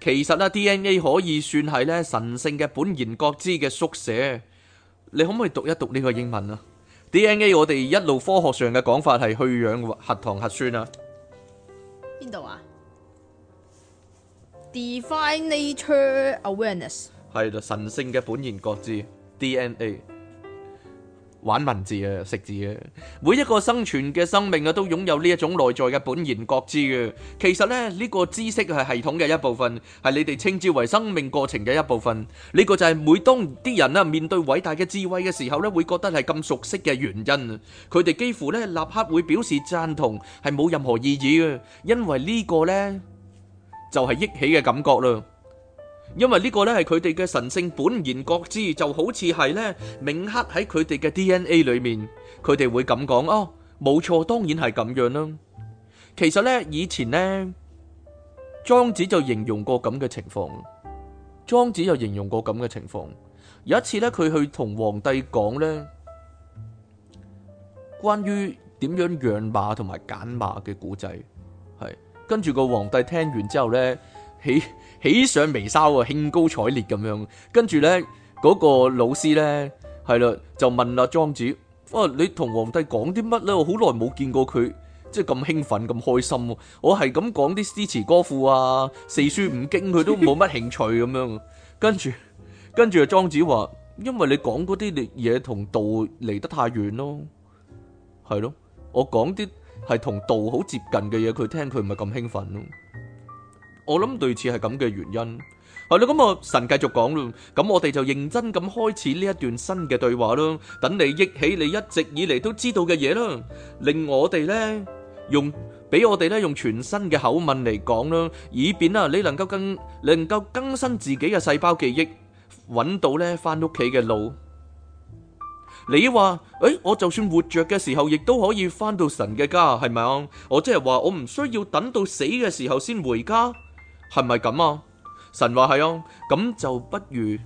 其實呢 DNA 可以算係咧神聖嘅本然覺知嘅縮寫。你可唔可以讀一讀呢個英文啊 ？DNA 我哋一路科學上嘅講法係去氧核糖核酸啊。邊度啊？Define nature awareness 係啦，神聖嘅本然覺知 DNA。玩文字啊，食字啊，每一個生存嘅生命啊，都擁有呢一種內在嘅本然覺知嘅。其實咧，呢個知識係系統嘅一部分，係你哋稱之為生命過程嘅一部分。呢個就係每當啲人咧面對偉大嘅智慧嘅時候咧，會覺得係咁熟悉嘅原因。佢哋幾乎咧立刻會表示贊同，係冇任何意義嘅，因為呢個咧就係憶起嘅感覺啦。因為呢個咧係佢哋嘅神聖本然覺知，就好似係咧銘刻喺佢哋嘅 DNA 裏面，佢哋會咁講哦，冇錯，當然係咁樣啦。其實咧以前咧，莊子就形容過咁嘅情況。莊子又形容過咁嘅情況。有一次咧，佢去同皇帝講咧，關於點樣養馬同埋揀馬嘅古仔，係跟住個皇帝聽完之後咧，起。喜上眉梢啊，興高采烈咁樣，跟住咧嗰個老師咧，係喇就問阿莊子：，哦，你同皇帝講啲乜咧？我好耐冇見過佢，即係咁興奮咁開心。我係咁講啲詩詞歌賦啊，四書五經，佢都冇乜興趣咁樣。跟住，跟住阿莊子話：，因為你講嗰啲嘢同道離得太遠咯，係咯，我講啲係同道好接近嘅嘢，佢聽佢唔係咁興奮咯。我諗對此係咁嘅原因，係咯，咁啊神繼續講咯，咁我哋就認真咁開始呢一段新嘅對話咯，等你憶起你一直以嚟都知道嘅嘢咯，令我哋呢用俾我哋呢用全新嘅口吻嚟講啦，以便啊你能夠更能夠更新自己嘅細胞記憶，揾到呢返屋企嘅路。你話誒，我就算活着嘅時候，亦都可以返到神嘅家，係咪啊？我即係話我唔需要等到死嘅時候先回家。係咪咁啊？神話係啊，咁就不如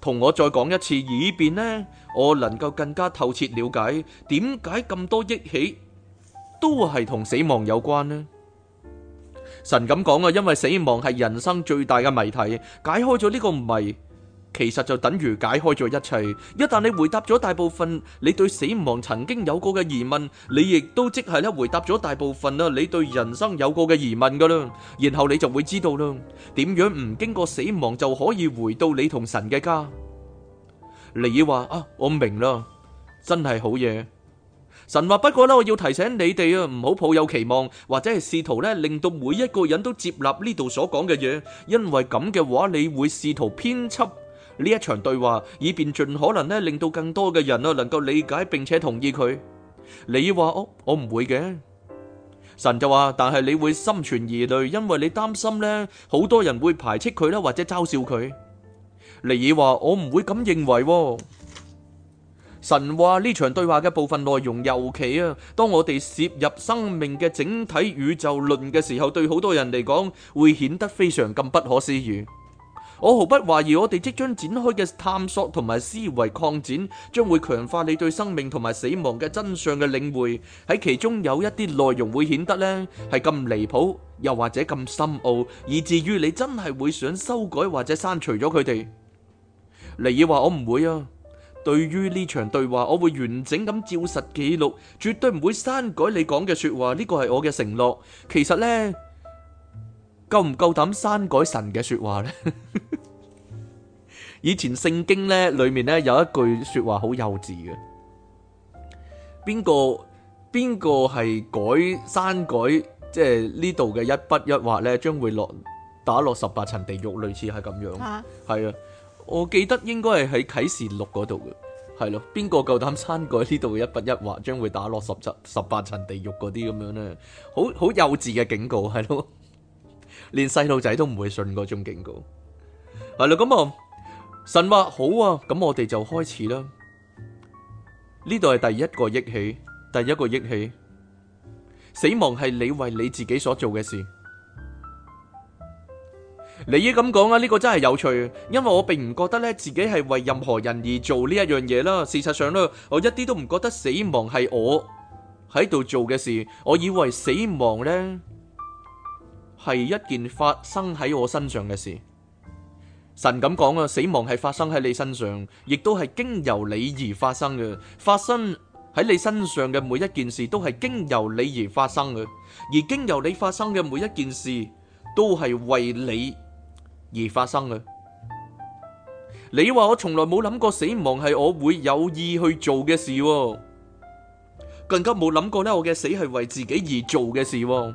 同我再講一次，以便呢，我能夠更加透徹了解，點解咁多益起都係同死亡有關呢？神咁講啊，因為死亡係人生最大嘅謎題，解開咗呢個謎。其實就等於解開咗一切。一旦你回答咗大部分你對死亡曾經有過嘅疑問，你亦都即係咧回答咗大部分啦你對人生有過嘅疑問噶啦。然後你就會知道啦，點樣唔經過死亡就可以回到你同神嘅家。尼爾話：啊，我明啦，真係好嘢。神話不過咧，我要提醒你哋啊，唔好抱有期望，或者係試圖咧令到每一個人都接納呢度所講嘅嘢，因為咁嘅話，你會試圖編輯。呢一場對話，以便盡可能呢令到更多嘅人啊能夠理解並且同意佢。你話我，我唔會嘅。神就話，但係你會心存疑慮，因為你擔心呢好多人會排斥佢啦，或者嘲笑佢。尼爾話我唔會咁認為。神話呢場對話嘅部分內容，尤其啊，當我哋涉入生命嘅整體宇宙論嘅時候，對好多人嚟講會顯得非常咁不可思議。我毫不懷疑，我哋即將展開嘅探索同埋思維擴展，將會強化你對生命同埋死亡嘅真相嘅領會。喺其中有一啲內容會顯得呢係咁離譜，又或者咁深奧，以至於你真係會想修改或者刪除咗佢哋。尼爾話：我唔會啊。對於呢場對話，我會完整咁照實記錄，絕對唔會刪改你講嘅說話。呢個係我嘅承諾。其實呢。夠唔夠膽刪改神嘅說話呢？ 以前聖經咧裏面咧有一句說話好幼稚嘅，邊個邊個係改刪改即係呢度嘅一筆一畫咧，將會落打落十八層地獄，類似係咁樣。係啊，我記得應該係喺啟示錄嗰度嘅，係咯。邊個夠膽刪改呢度嘅一筆一畫，將會打落十七十八層地獄嗰啲咁樣呢？好好幼稚嘅警告，係咯。連細路仔都唔會信嗰種警告，係、啊、啦，咁、嗯、啊，神話好啊，咁、嗯、我哋就開始啦。呢度係第一個憶起，第一個憶起，死亡係你為你自己所做嘅事。你依咁講啊，呢、這個真係有趣，因為我並唔覺得咧自己係為任何人而做呢一樣嘢啦。事實上咧，我一啲都唔覺得死亡係我喺度做嘅事，我以為死亡呢。係一件發生喺我身上嘅事，神咁講啊，死亡係發生喺你身上，亦都係經由你而發生嘅。發生喺你身上嘅每一件事，都係經由你而發生嘅。而經由你發生嘅每一件事，都係為你而發生嘅。你話我從來冇諗過死亡係我會有意去做嘅事喎，更加冇諗過呢，我嘅死係為自己而做嘅事喎。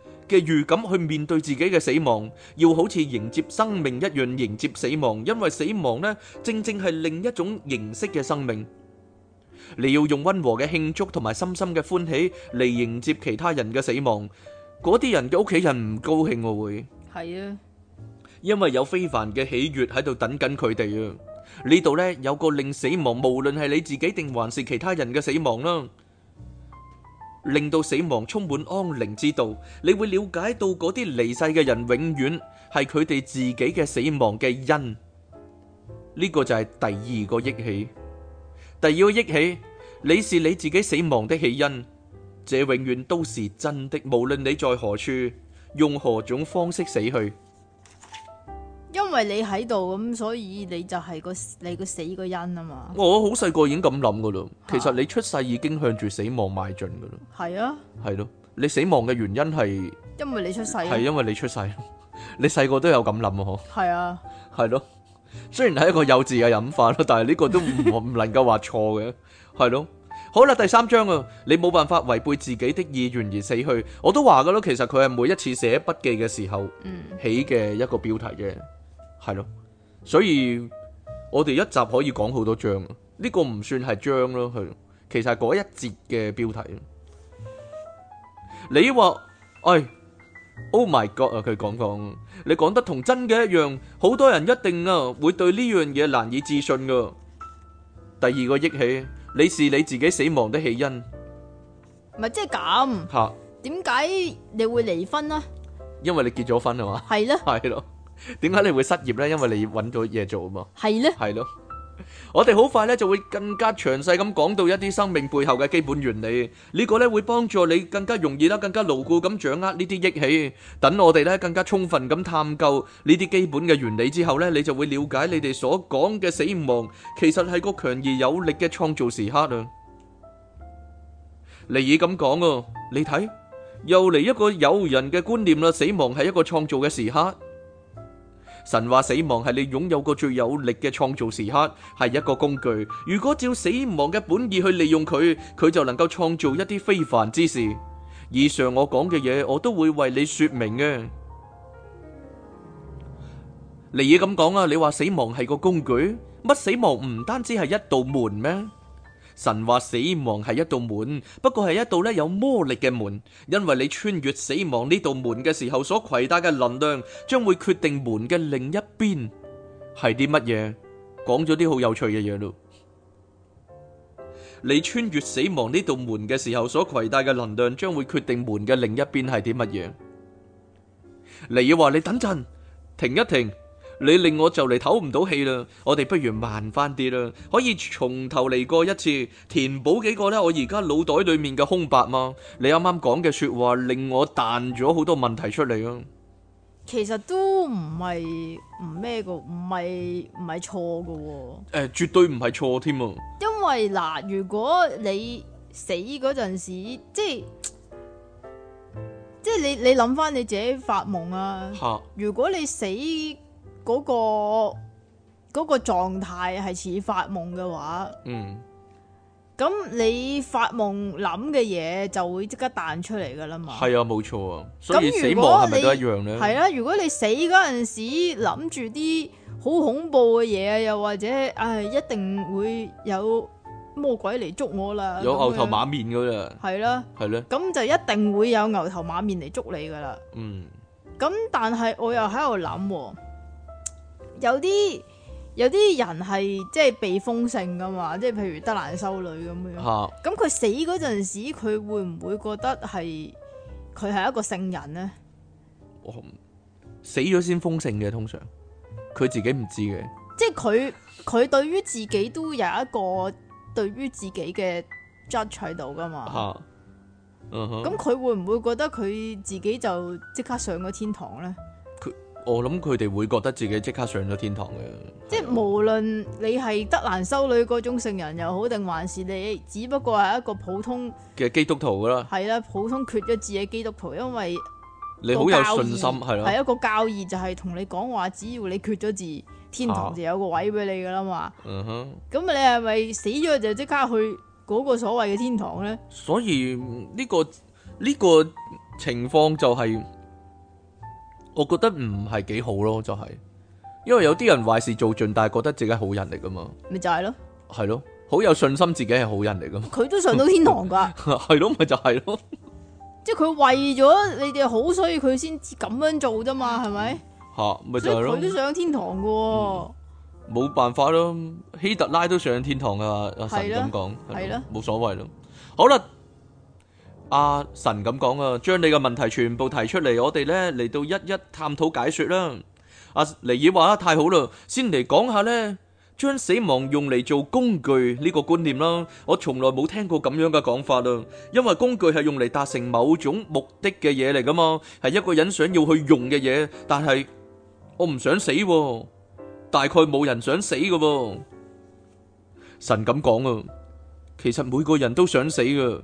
嘅預感去面對自己嘅死亡，要好似迎接生命一樣迎接死亡，因為死亡呢正正係另一種形式嘅生命。你要用溫和嘅慶祝同埋深深嘅歡喜嚟迎接其他人嘅死亡，嗰啲人嘅屋企人唔高興喎？會，係啊，因為有非凡嘅喜悦喺度等緊佢哋啊。呢度呢有個令死亡，無論係你自己定還是其他人嘅死亡啦。令到死亡充滿安寧之道，你會了解到嗰啲離世嘅人永遠係佢哋自己嘅死亡嘅因。呢、這個就係第二個憶起。第二個憶起，你是你自己死亡的起因，這永遠都是真的，無論你在何處，用何種方式死去。因為你喺度咁，所以你就係個你個死個因啊嘛。我好細個已經咁諗噶咯。其實你出世已經向住死亡邁進噶咯。係啊。係咯。你死亡嘅原因係因為你出世。係因為你出世。 你細個都有咁諗啊？嗬的。係啊。係咯。雖然係一個幼稚嘅諗法咯，但係呢個都唔唔能夠話錯嘅。係咯。好啦，第三章啊，你冇辦法違背自己的意願而死去。我都話噶咯，其實佢係每一次寫筆記嘅時候起嘅一個標題啫。嗯係咯，所以我哋一集可以講好多章啊！呢個唔算係章咯，佢其實係嗰一節嘅標題。你話，哎，Oh my God 啊！佢講講，你講得同真嘅一樣，好多人一定啊會對呢樣嘢難以置信噶。第二個憶起，你是你自己死亡的起因。咪即係咁？吓，點解你會離婚啦？因為你結咗婚啊嘛。係咯，係咯。點解你會失業咧？因為你揾到嘢做啊嘛，係咧，係咯。我哋好快咧就會更加詳細咁講到一啲生命背後嘅基本原理，呢個咧會幫助你更加容易啦，更加牢固咁掌握呢啲憶起。等我哋咧更加充分咁探究呢啲基本嘅原理之後咧，你就會了解你哋所講嘅死亡其實係個強而有力嘅創造時刻啊。尼爾咁講啊，你睇又嚟一個誘人嘅觀念啦，死亡係一個創造嘅時刻。神話，死亡係你擁有過最有力嘅創造時刻，係一個工具。如果照死亡嘅本意去利用佢，佢就能夠創造一啲非凡之事。以上我講嘅嘢，我都會為你說明嘅。嚟嘢咁講啊，你話死亡係個工具，乜死亡唔單止係一道門咩？神話死亡係一道門，不過係一道咧有魔力嘅門，因為你穿越死亡呢道門嘅時候，所攜帶嘅能量，將會決定門嘅另一邊係啲乜嘢。講咗啲好有趣嘅嘢咯。你穿越死亡呢道門嘅時候，所攜帶嘅能量，將會決定門嘅另一邊係啲乜嘢。尼爾話：你等陣，停一停。你令我就嚟唞唔到氣啦，我哋不如慢翻啲啦，可以從頭嚟過一次，填補幾個呢。我而家腦袋裏面嘅空白嘛？你啱啱講嘅說話令我彈咗好多問題出嚟啊！其實都唔係唔咩噶，唔係唔係錯噶。誒，絕對唔係錯添。啊！因為嗱、呃，如果你死嗰陣時，即係即係你你諗翻你自己發夢啊。吓，如果你死。嗰、那個嗰、那個狀態係似發夢嘅話，嗯，咁你發夢諗嘅嘢，就會即刻彈出嚟噶啦嘛。係啊，冇錯啊。咁如果死亡係咪一樣咧？係啦、啊，如果你死嗰陣時諗住啲好恐怖嘅嘢啊，又或者唉、哎，一定會有魔鬼嚟捉我啦，有牛頭馬面噶啦，係啦，係咧、啊，咁呢就一定會有牛頭馬面嚟捉你噶啦。嗯，咁但係我又喺度諗。有啲有啲人係即係被封聖噶嘛，即係譬如德蘭修女咁樣。嚇、啊！咁佢死嗰陣時，佢會唔會覺得係佢係一個聖人呢？我唔死咗先封聖嘅，通常佢自己唔知嘅。即係佢佢對於自己都有一個對於自己嘅 judge 喺度噶嘛。嚇、啊！咁、嗯哼、佢會唔會覺得佢自己就即刻上咗天堂呢？我諗佢哋會覺得自己即刻上咗天堂嘅，即係無論你係德蘭修女嗰種聖人又好，定還是你只不過係一個普通嘅基督徒噶啦，係啦，普通缺咗字嘅基督徒，因為你好有信心係咯，係一個教義，的就係同你講話，只要你缺咗字，天堂就有個位俾你噶啦嘛。嗯、哼，咁你係咪死咗就即刻去嗰個所謂嘅天堂咧？所以呢、這個呢、這個情況就係、是。我覺得唔係幾好咯，就係、是，因為有啲人壞事做盡，但係覺得自己係好人嚟噶嘛，咪就係咯，係咯，好有信心自己係好人嚟噶嘛，佢都上到天堂噶，係咯， 咪就係咯，即係佢為咗你哋好， 就就所以佢先咁樣做啫嘛，係咪？吓，咪就係咯，佢都上天堂噶，冇、嗯、辦法咯，希特拉都上天堂噶，阿神咁講，係咯，冇所謂咯，好啦。阿神咁講啊，將、啊、你嘅問題全部提出嚟，我哋呢嚟到一一探討解說啦。阿、啊、尼爾話得太好啦，先嚟講下呢，將死亡用嚟做工具呢個觀念啦，我從來冇聽過咁樣嘅講法啊，因為工具係用嚟達成某種目的嘅嘢嚟噶嘛係一個人想要去用嘅嘢，但係我唔想死、啊，大概冇人想死噶、啊。神咁講啊，其實每個人都想死噶。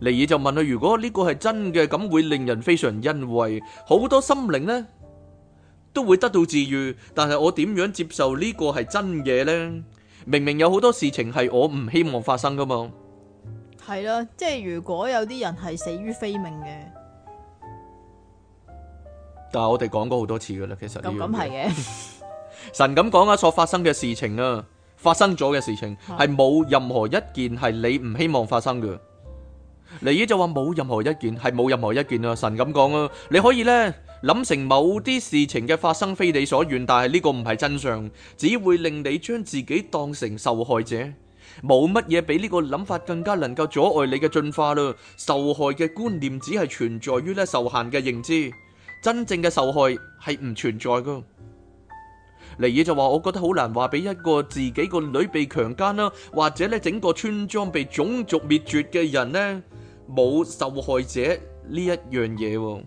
尼爾就問佢：如果呢個係真嘅，咁會令人非常欣慰，好多心靈呢都會得到治癒。但係我點樣接受呢個係真嘅呢？明明有好多事情係我唔希望發生噶嘛。係啦，即係如果有啲人係死於非命嘅，但係我哋講過好多次噶啦。其實咁咁係嘅，神咁講啊，所發生嘅事情啊，發生咗嘅事情係冇任何一件係你唔希望發生嘅。尼爾就話，冇任何一件係，冇任何一件啊。神咁講啊，你可以呢，諗成某啲事情嘅發生非你所願，但係呢個唔係真相，只會令你將自己當成受害者。冇乜嘢比呢個諗法更加能夠阻礙你嘅進化咯。受害嘅觀念只係存在於呢受限嘅認知，真正嘅受害係唔存在噶尼爾就話，我覺得好難話俾一個自己個女被強姦啦，或者咧整個村莊被種族滅絕嘅人呢。」冇受害者呢一樣嘢，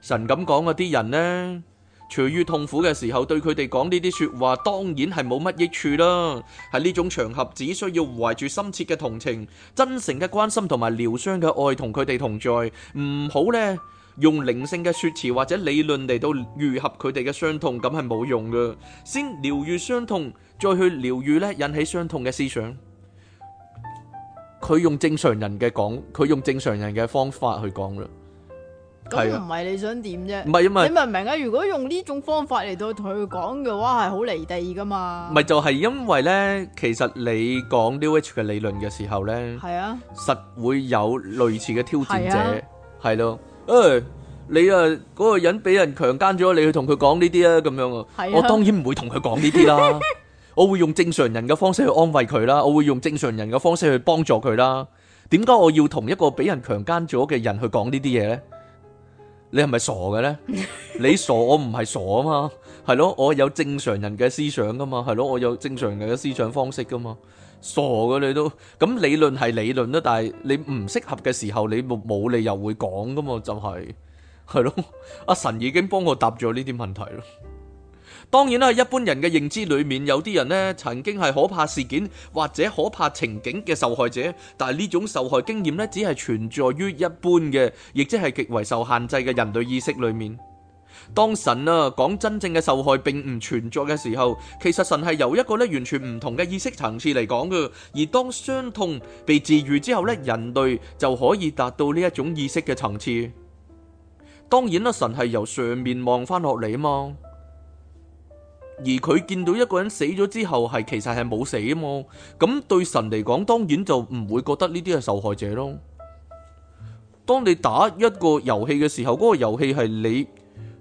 神咁講啊！啲人呢，處於痛苦嘅時候，對佢哋講呢啲說話，當然係冇乜益處啦。喺呢種場合，只需要懷住深切嘅同情、真誠嘅關心同埋療傷嘅愛，同佢哋同在。唔好呢，用靈性嘅說辭或者理論嚟到愈合佢哋嘅傷痛，咁係冇用嘅。先療愈傷痛，再去療愈呢，引起傷痛嘅思想。佢用正常人嘅講，佢用正常人嘅方法去講啦。咁唔係你想點啫？唔係啊嘛，你明唔明啊？如果用呢種方法嚟到同佢講嘅話，係好離地噶嘛？唔係就係因為咧，其實你講 New Age 嘅理論嘅時候咧，係啊，實會有類似嘅挑戰者，係咯。誒，你啊，嗰個人俾人強姦咗，你去同佢講呢啲啊，咁樣啊，我當然唔會同佢講呢啲啦。我會用正常人嘅方式去安慰佢啦，我會用正常人嘅方式去幫助佢啦。點解我要同一個俾人強奸咗嘅人去講呢啲嘢呢？你係咪傻嘅呢？你傻，我唔係傻啊嘛，係咯，我有正常人嘅思想噶嘛，係咯，我有正常人嘅思想方式噶嘛。傻嘅你都咁理論係理論啦，但係你唔適合嘅時候，你冇冇理由會講噶嘛？就係係咯，阿神已經幫我答咗呢啲問題啦。當然啦，一般人嘅認知裏面，有啲人呢曾經係可怕事件或者可怕情景嘅受害者，但係呢種受害經驗呢，只係存在於一般嘅、亦即係極為受限制嘅人類意識裏面。當神啊，講真正嘅受害並唔存在嘅時候，其實神係由一個呢完全唔同嘅意識層次嚟講嘅。而當傷痛被治愈之後呢，人類就可以達到呢一種意識嘅層次。當然啦，神係由上面望翻落嚟啊嘛。而佢見到一個人死咗之後，係其實係冇死啊嘛。咁對神嚟講，當然就唔會覺得呢啲係受害者咯。當你打一個遊戲嘅時候，嗰個遊戲係你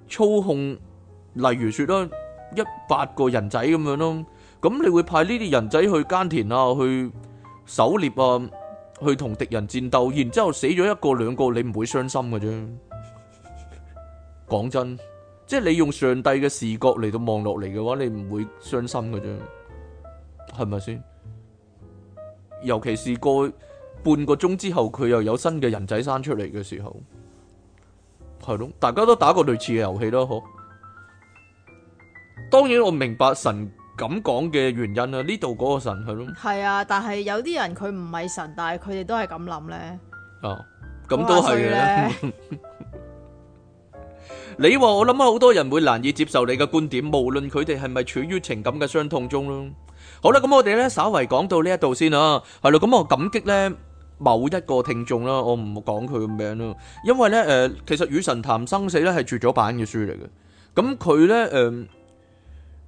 操控，例如說啦，一百個人仔咁樣咯。咁你會派呢啲人仔去耕田啊，去狩獵啊，去同敵人戰鬥，然之後死咗一個兩個，你唔會傷心嘅啫。講真。即係你用上帝嘅視覺嚟到望落嚟嘅話，你唔會傷心嘅啫，係咪先？尤其是過半個鐘之後，佢又有新嘅人仔生出嚟嘅時候，係咯，大家都打過類似嘅遊戲咯，好，當然我明白神咁講嘅原因啦，呢度嗰個神係咯。係啊，但係有啲人佢唔係神，但係佢哋都係咁諗咧。哦，咁都係嘅。是 你話我諗啊，好多人會難以接受你嘅觀點，無論佢哋係咪處於情感嘅傷痛中咯。好啦，咁我哋咧稍為講到呢一度先啊，係咯，咁我感激咧某一個聽眾啦，我唔講佢個名啦，因為咧誒、呃，其實與神談生死咧係絕咗版嘅書嚟嘅，咁佢咧誒，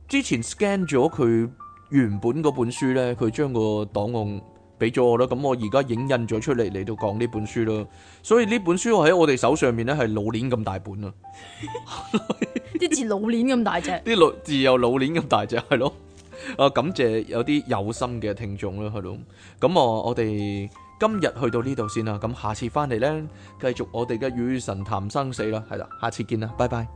之前 scan 咗佢原本嗰本書咧，佢將個檔案。俾咗我咯，咁我而家影印咗出嚟嚟到講呢本書咯，所以呢本書喺我哋手上面咧係老年咁大本咯，啲 字老年咁大隻，啲字又老年咁大隻係咯，啊 感謝有啲有心嘅聽眾啦係咯，咁啊我哋今日去到呢度先啦，咁下次翻嚟咧繼續我哋嘅與神談生死啦，係啦，下次見啦，拜拜。